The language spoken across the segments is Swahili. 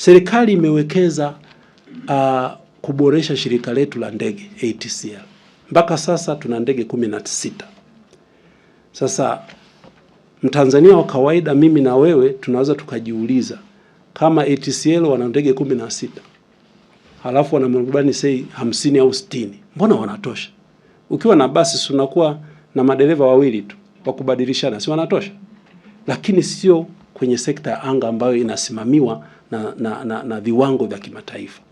Serikali imewekeza uh, kuboresha shirika letu la ndege ATCL. Mpaka sasa tuna ndege 16. Sasa Mtanzania wa kawaida, mimi na wewe, tunaweza tukajiuliza kama ATCL wana ndege 16 halafu wana marubani sei hamsini au 60, mbona wanatosha? Ukiwa na basi unakuwa na madereva wawili tu wa kubadilishana, si wanatosha? Lakini sio kwenye sekta ya anga ambayo inasimamiwa na, na, na, na viwango vya kimataifa.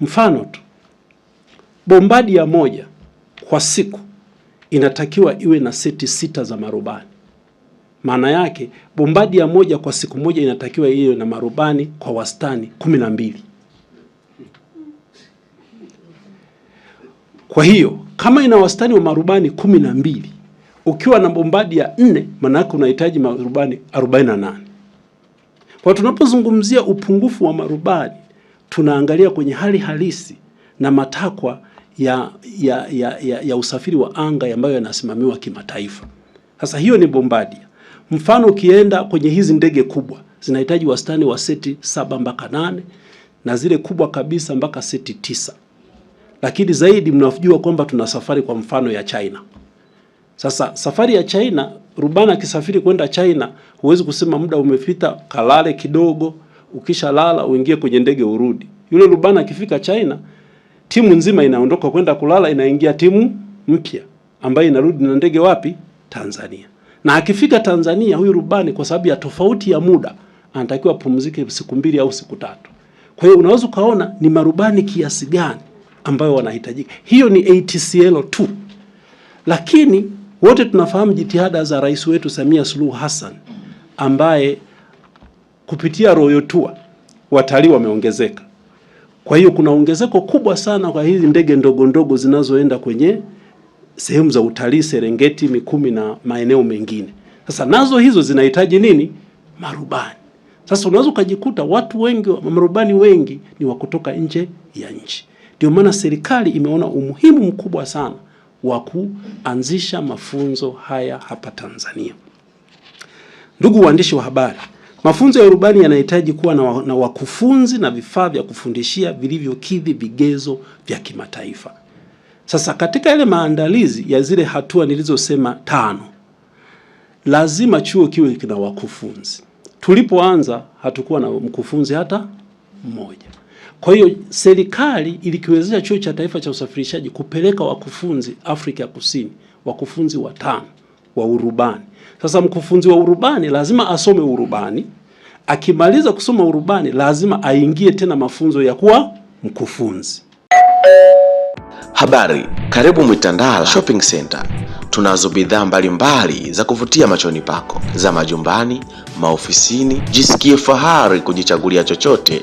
Mfano tu, bombadi ya moja kwa siku inatakiwa iwe na seti sita za marubani. Maana yake bombadi ya moja kwa siku moja inatakiwa iwe na marubani kwa wastani kumi na mbili. Kwa hiyo kama ina wastani wa marubani kumi na mbili ukiwa na bombadi ya nne, maana yake unahitaji marubani arobaini na nane. Kwa tunapozungumzia upungufu wa marubani, tunaangalia kwenye hali halisi na matakwa ya, ya, ya, ya, ya usafiri wa anga ambayo yanasimamiwa kimataifa. Sasa hiyo ni Bombardier. Mfano, ukienda kwenye hizi ndege kubwa zinahitaji wastani wa seti saba mpaka nane na zile kubwa kabisa mpaka seti tisa. Lakini zaidi mnajua kwamba tuna safari kwa mfano ya China. Sasa safari ya China Rubani akisafiri kwenda China, huwezi kusema muda umepita, kalale kidogo, ukisha lala uingie kwenye ndege urudi. Yule rubani akifika China, timu nzima inaondoka kwenda kulala, inaingia timu mpya ambayo inarudi na ndege wapi? Tanzania. Na akifika Tanzania, huyu rubani kwa sababu ya tofauti ya muda anatakiwa pumzike siku mbili au siku tatu. Kwa hiyo unaweza ukaona ni marubani kiasi gani ambayo wanahitajika. Hiyo ni ATCL tu, lakini wote tunafahamu jitihada za rais wetu Samia Suluhu Hassan ambaye kupitia Royal Tour watalii wameongezeka. Kwa hiyo kuna ongezeko kubwa sana kwa hizi ndege ndogo ndogo zinazoenda kwenye sehemu za utalii Serengeti, Mikumi na maeneo mengine. Sasa nazo hizo zinahitaji nini? Marubani. Sasa unaweza ukajikuta watu wengi, marubani wengi ni wa kutoka nje ya nchi. Ndio maana serikali imeona umuhimu mkubwa sana wa kuanzisha mafunzo haya hapa Tanzania. Ndugu waandishi wa habari, mafunzo ya urubani yanahitaji kuwa na, na wakufunzi na vifaa vya kufundishia vilivyokidhi vigezo vya kimataifa. Sasa katika yale maandalizi ya zile hatua nilizosema tano, lazima chuo kiwe kina wakufunzi. Tulipoanza hatukuwa na mkufunzi hata mmoja. Kwa hiyo serikali ilikiwezesha Chuo cha Taifa cha Usafirishaji kupeleka wakufunzi Afrika ya Kusini, wakufunzi watano wa urubani. Sasa mkufunzi wa urubani lazima asome urubani, akimaliza kusoma urubani lazima aingie tena mafunzo ya kuwa mkufunzi. Habari, karibu Mwitandala Shopping Center. Tunazo bidhaa mbalimbali za kuvutia machoni pako, za majumbani, maofisini. Jisikie fahari kujichagulia chochote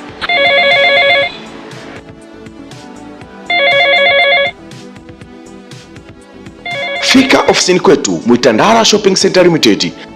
Fika ofisini kwetu Mwitandara Shopping Center Limited